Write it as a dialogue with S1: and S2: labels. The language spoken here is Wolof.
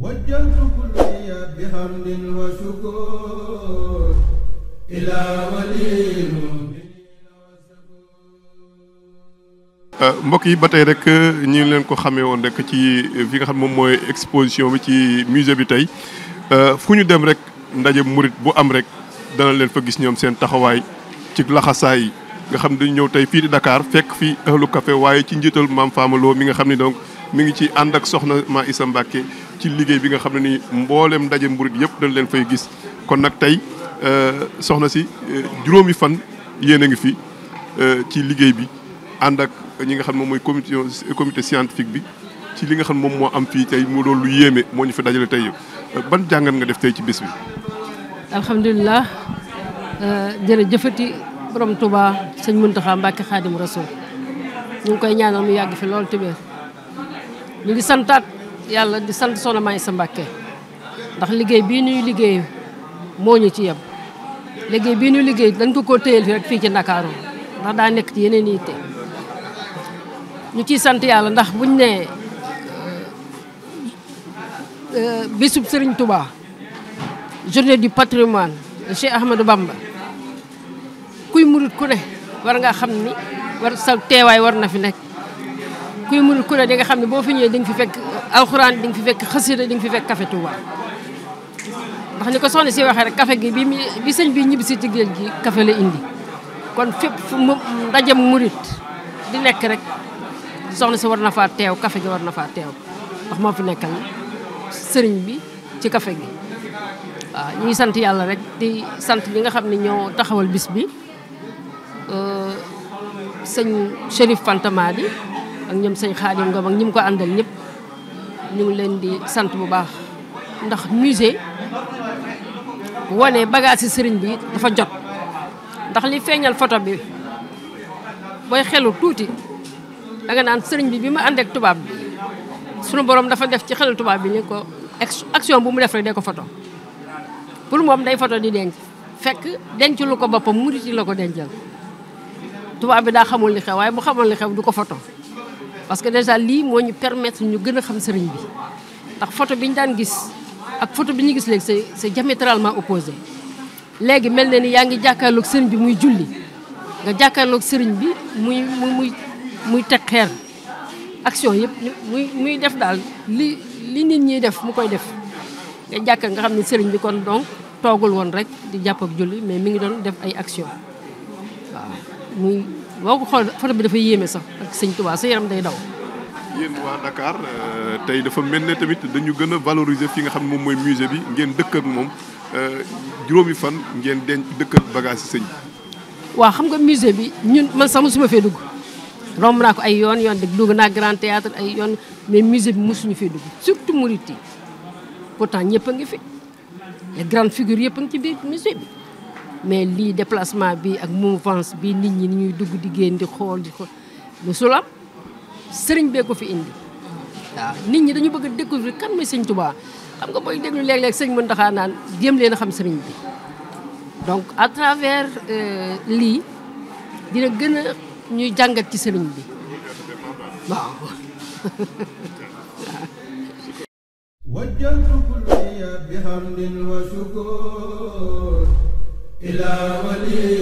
S1: وجهت yi ba tey rek ñu ngi leen ko xamee woon rek ci fi nga xam moom mooy exposition bi ci musée bi tey fu ñu dem rek ndaje murit bu am rek dana leen fa gis ñoom seen taxawaay ci laxasaay nga xam ne dañu ñëw tey fii di Dakar fekk fi ahlu café waaye ci njiital maam Fama mi nga xam ni donc mi ngi ci ànd ak soxna Ma Issa Mbacke ci liggéey bi nga xam ne nii mboolem daje mburit yëpp dañ leen fay gis kon nag tey euh, soxna si euh, juróomi fan yéen a ngi fi euh, ci liggéey bi ànd ak ñi nga xam moom mooy comité comité bi ci xam moom moo am fii tey mu doon lu yéeme moo ñu fi dajale tey ban jàngat nga def tey ci bés bi.
S2: alhamdulilah jërëjëfati borom Touba sëñ Mountakha Mbacke Khadim Rasoul ñu ngi koy ñaanal mu yàgg fi lool tibéer ñu ngi santaat yàlla di sant Soxna May sa Mbàkke ndax liggéey bii nuyu liggéey moo ñu ci yem liggéey bii ñuy liggéey dañ ko koo téyel fi rek fii ci Ndakaaru ndax daa nekk ci yeneen yitte ñu ciy sant yàlla ndax buñ ne euh, euh, bisub Serigne Touba journée du patrimoine Cheikh Ahmadou Bamba kuy murit ku ne war nga xam ni war teewaay war na fi nekk kuy mënul ku ne di nga xam ne boo fi ñëwee di nga fi fekk alxuraan di fi fekk xasida di nga fi fekk café Touba ndax ni ko soxna si waxee rek kafe gi bi bi sëñ bi ñibbi si ci géej gi café la indi kon fépp fu mu ndajem murit di nekk rek soxna si war na faa teew kafe gi war na faa teew ndax moo fi nekkal sëriñ bi ci kafe gi waaw ñu ngi sant yàlla rek di sant ñi nga xam ni ñoo taxawal bis bi sëñ Chérif Fantamadi ak ñoom sëñ Xaadim Ngom ak ñi mu ko àndal ñëpp ñu ngi leen di sant bu baax ndax musée wane bagage sëriñ bi dafa jot ndax li feeñal photo bi booy xelu tuuti danga naan sëriñ bi bi ma ànd ak tubaab bi sunu borom dafa def ci xelu tubaab bi ni ko action bu mu def rek dee ko photo pour moom day photo di denc fekk denc lu ko boppam murit yi la ko dencal tubaab bi daa xamul li xew waaye bu xamul li xew du ko photo parce que déjà lii moo ñu permettre ñu gën a xam sëriñ bi ndax photo bi ñu daan gis ak photo bi ñu gis léegi sa c'est diamétralement opposé léegi mel na ni yaa ngi jàkkaarloog sëriñ bi muy julli nga jàkkaarloog sëriñ bi muy muy muy muy teg xeer action yëpp muy def daal li li nit ñiy def mu koy def nga jàkkaar nga xam ne sëriñ bi kon donc toogul woon rek di jàpp ak julli mais mi ngi doon def ay action waaw boo ko xool photo bi dafa yéeme sax ak sëñ Tuubaa sa yaram day daw.
S1: yéen waa Dakar euh, tey dafa mel ne tamit dañu gën a valoriser fi nga xam ne moom mooy musée bi ngeen dëkk ak moom euh, juróomi fan ngeen denc dëkk ak bagage yi sëñ
S2: waaw xam nga musée bi ñun man sax mosuma fee dugg romb naa ko ay yoon yoon dëgg dugg naa grand théâtre ay yoon mais musée bi mosuñu fee dugg surtout murit yi pourtant ñëpp a ngi fi les grandes figures yëpp a ngi ci biir musée bi. mais lii déplacement bi ak mouvance bi nit ñi ni ñuy dugg di génn di xool di xool musul am sëriñ bee ko fi indi nit ñi dañu bëgg a découvrir kan mooy sëñ Touba xam nga booy déglu léeg-léeg sëñ Mountakha naan jéem leen a xam sëriñ bi donc à travers euh, lii dina gën a ñuy jàngat ci sëriñ bi ila wali